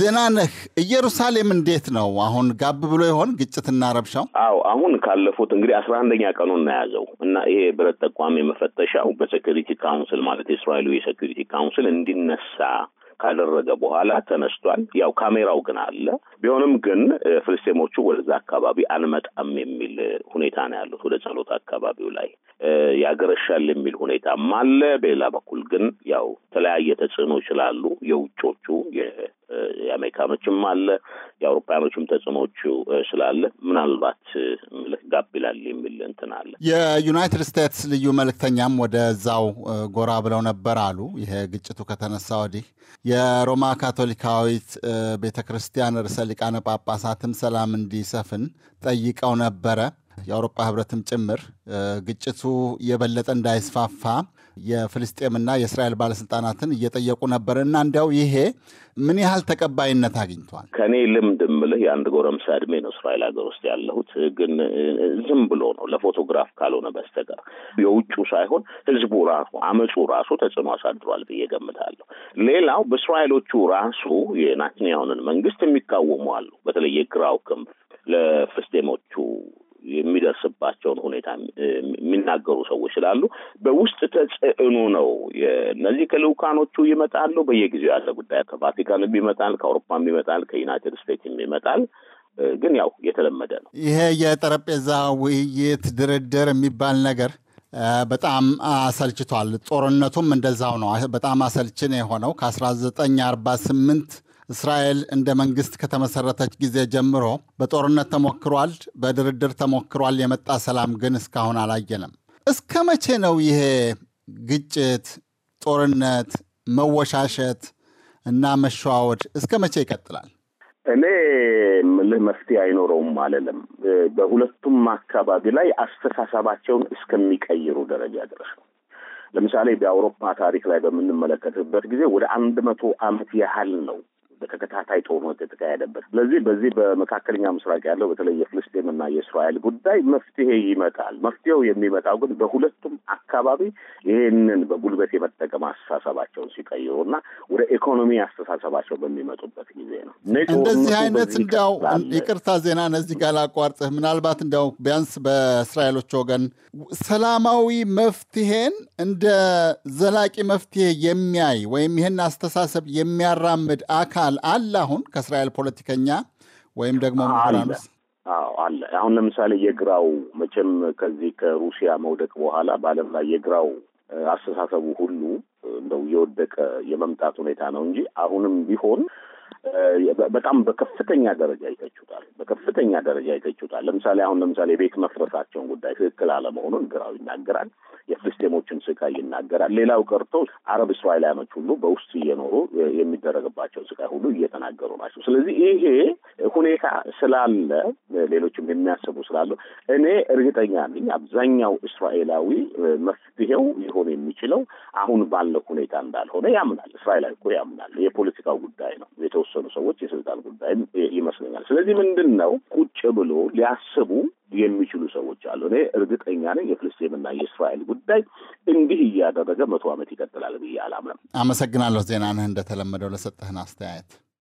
ዜና ነህ። ኢየሩሳሌም እንዴት ነው አሁን? ጋብ ብሎ ይሆን ግጭትና ረብሻው? አዎ አሁን ካለፉት እንግዲህ አስራ አንደኛ ቀኑን እናያዘው እና ይሄ ብረት ጠቋሚ መፈተሻው በሴኩሪቲ ካውንስል ማለት የእስራኤሉ የሴኩሪቲ ካውንስል እንዲነሳ ካደረገ በኋላ ተነስቷል። ያው ካሜራው ግን አለ። ቢሆንም ግን ፍልስጤሞቹ ወደዛ አካባቢ አልመጣም የሚል ሁኔታ ነው ያሉት። ወደ ጸሎት አካባቢው ላይ ያገረሻል የሚል ሁኔታም አለ። በሌላ በኩል ግን ያው ተለያየ ተጽዕኖ ይችላሉ የውጮቹ የአሜሪካኖችም አለ የአውሮፓያኖችም ተጽዕኖቹ ስላለ ምናልባት ጋብ ይላል የሚል እንትን አለ። የዩናይትድ ስቴትስ ልዩ መልእክተኛም ወደዛው ጎራ ብለው ነበር አሉ። ይሄ ግጭቱ ከተነሳ ወዲህ የሮማ ካቶሊካዊት ቤተ ክርስቲያን ርዕሰ ሊቃነ ጳጳሳትም ሰላም እንዲሰፍን ጠይቀው ነበረ። የአውሮፓ ህብረትም ጭምር ግጭቱ የበለጠ እንዳይስፋፋ የፍልስጤምና የእስራኤል ባለስልጣናትን እየጠየቁ ነበር እና እንዲያው ይሄ ምን ያህል ተቀባይነት አግኝቷል? ከእኔ ልምድ ምልህ የአንድ ጎረምሳ እድሜ ነው እስራኤል ሀገር ውስጥ ያለሁት። ግን ዝም ብሎ ነው ለፎቶግራፍ ካልሆነ በስተቀር የውጩ ሳይሆን ህዝቡ ራሱ አመፁ ራሱ ተጽዕኖ አሳድሯል ብዬ ገምታለሁ። ሌላው በእስራኤሎቹ ራሱ የናትንያሁንን መንግስት የሚቃወሙ አሉ። በተለይ የግራው ክንፍ የሚናገሩ ሰዎች ስላሉ በውስጥ ተጽዕኖ ነው። እነዚህ ከልዑካኖቹ ይመጣሉ በየጊዜው ያለ ጉዳይ ከቫቲካንም ይመጣል፣ ከአውሮፓም ይመጣል፣ ከዩናይትድ ስቴትስም ይመጣል። ግን ያው የተለመደ ነው ይሄ የጠረጴዛ ውይይት ድርድር የሚባል ነገር በጣም አሰልችቷል። ጦርነቱም እንደዛው ነው። በጣም አሰልችን የሆነው ከ1948 እስራኤል እንደ መንግስት ከተመሰረተች ጊዜ ጀምሮ በጦርነት ተሞክሯል፣ በድርድር ተሞክሯል። የመጣ ሰላም ግን እስካሁን አላየንም። እስከ መቼ ነው ይሄ ግጭት፣ ጦርነት፣ መወሻሸት እና መሸዋወድ እስከ መቼ ይቀጥላል? እኔ ምልህ መፍትሄ አይኖረውም አለለም። በሁለቱም አካባቢ ላይ አስተሳሰባቸውን እስከሚቀይሩ ደረጃ ድረስ ነው። ለምሳሌ በአውሮፓ ታሪክ ላይ በምንመለከትበት ጊዜ ወደ አንድ መቶ ዓመት ያህል ነው በተከታታይ ጦርነት የተካሄደበት። ስለዚህ በዚህ በመካከለኛ ምስራቅ ያለው በተለይ እና የእስራኤል ጉዳይ መፍትሄ ይመጣል። መፍትሄው የሚመጣው ግን በሁለቱም አካባቢ ይህንን በጉልበት የመጠቀም አስተሳሰባቸውን ሲቀይሩና ወደ ኢኮኖሚ አስተሳሰባቸው በሚመጡበት ጊዜ ነው። እንደዚህ አይነት እንዲያው ይቅርታ ዜና እነዚህ ጋር ላቋርጥህ። ምናልባት እንዲያው ቢያንስ በእስራኤሎች ወገን ሰላማዊ መፍትሄን እንደ ዘላቂ መፍትሄ የሚያይ ወይም ይህን አስተሳሰብ የሚያራምድ አካል አለ። አሁን ከእስራኤል ፖለቲከኛ ወይም ደግሞ አለ። አሁን ለምሳሌ የግራው መቼም ከዚህ ከሩሲያ መውደቅ በኋላ በዓለም ላይ የግራው አስተሳሰቡ ሁሉ እንደው የወደቀ የመምጣት ሁኔታ ነው እንጂ አሁንም ቢሆን በጣም በከፍተኛ ደረጃ ይታችሁታል። በከፍተኛ ደረጃ ይተቹታል። ለምሳሌ አሁን ለምሳሌ የቤት መፍረሳቸውን ጉዳይ ትክክል አለመሆኑን ግራው ይናገራል። የፍልስጤሞችን ስቃይ ይናገራል። ሌላው ቀርቶ አረብ እስራኤላውያኖች ሁሉ በውስጥ እየኖሩ የሚደረግባቸው ስቃይ ሁሉ እየተናገሩ ናቸው። ስለዚህ ይሄ ሁኔታ ስላለ ሌሎችም የሚያስቡ ስላሉ እኔ እርግጠኛ ነኝ አብዛኛው እስራኤላዊ መፍትሄው ሊሆን የሚችለው አሁን ባለው ሁኔታ እንዳልሆነ ያምናል። እስራኤላዊ እኮ ያምናል። የፖለቲካው ጉዳይ ነው፣ የተወሰኑ ሰዎች የስልጣን ጉዳይ ይመስለኛል። ስለዚህ ምንድን ነው ቁጭ ብሎ ሊያስቡ የሚችሉ ሰዎች አሉ። እኔ እርግጠኛ ነኝ የፍልስጤምና የእስራኤል ጉዳይ እንዲህ እያደረገ መቶ ዓመት ይቀጥላል ብዬ አላምንም። አመሰግናለሁ ነህ እንደተለመደው ለሰጠህን አስተያየት።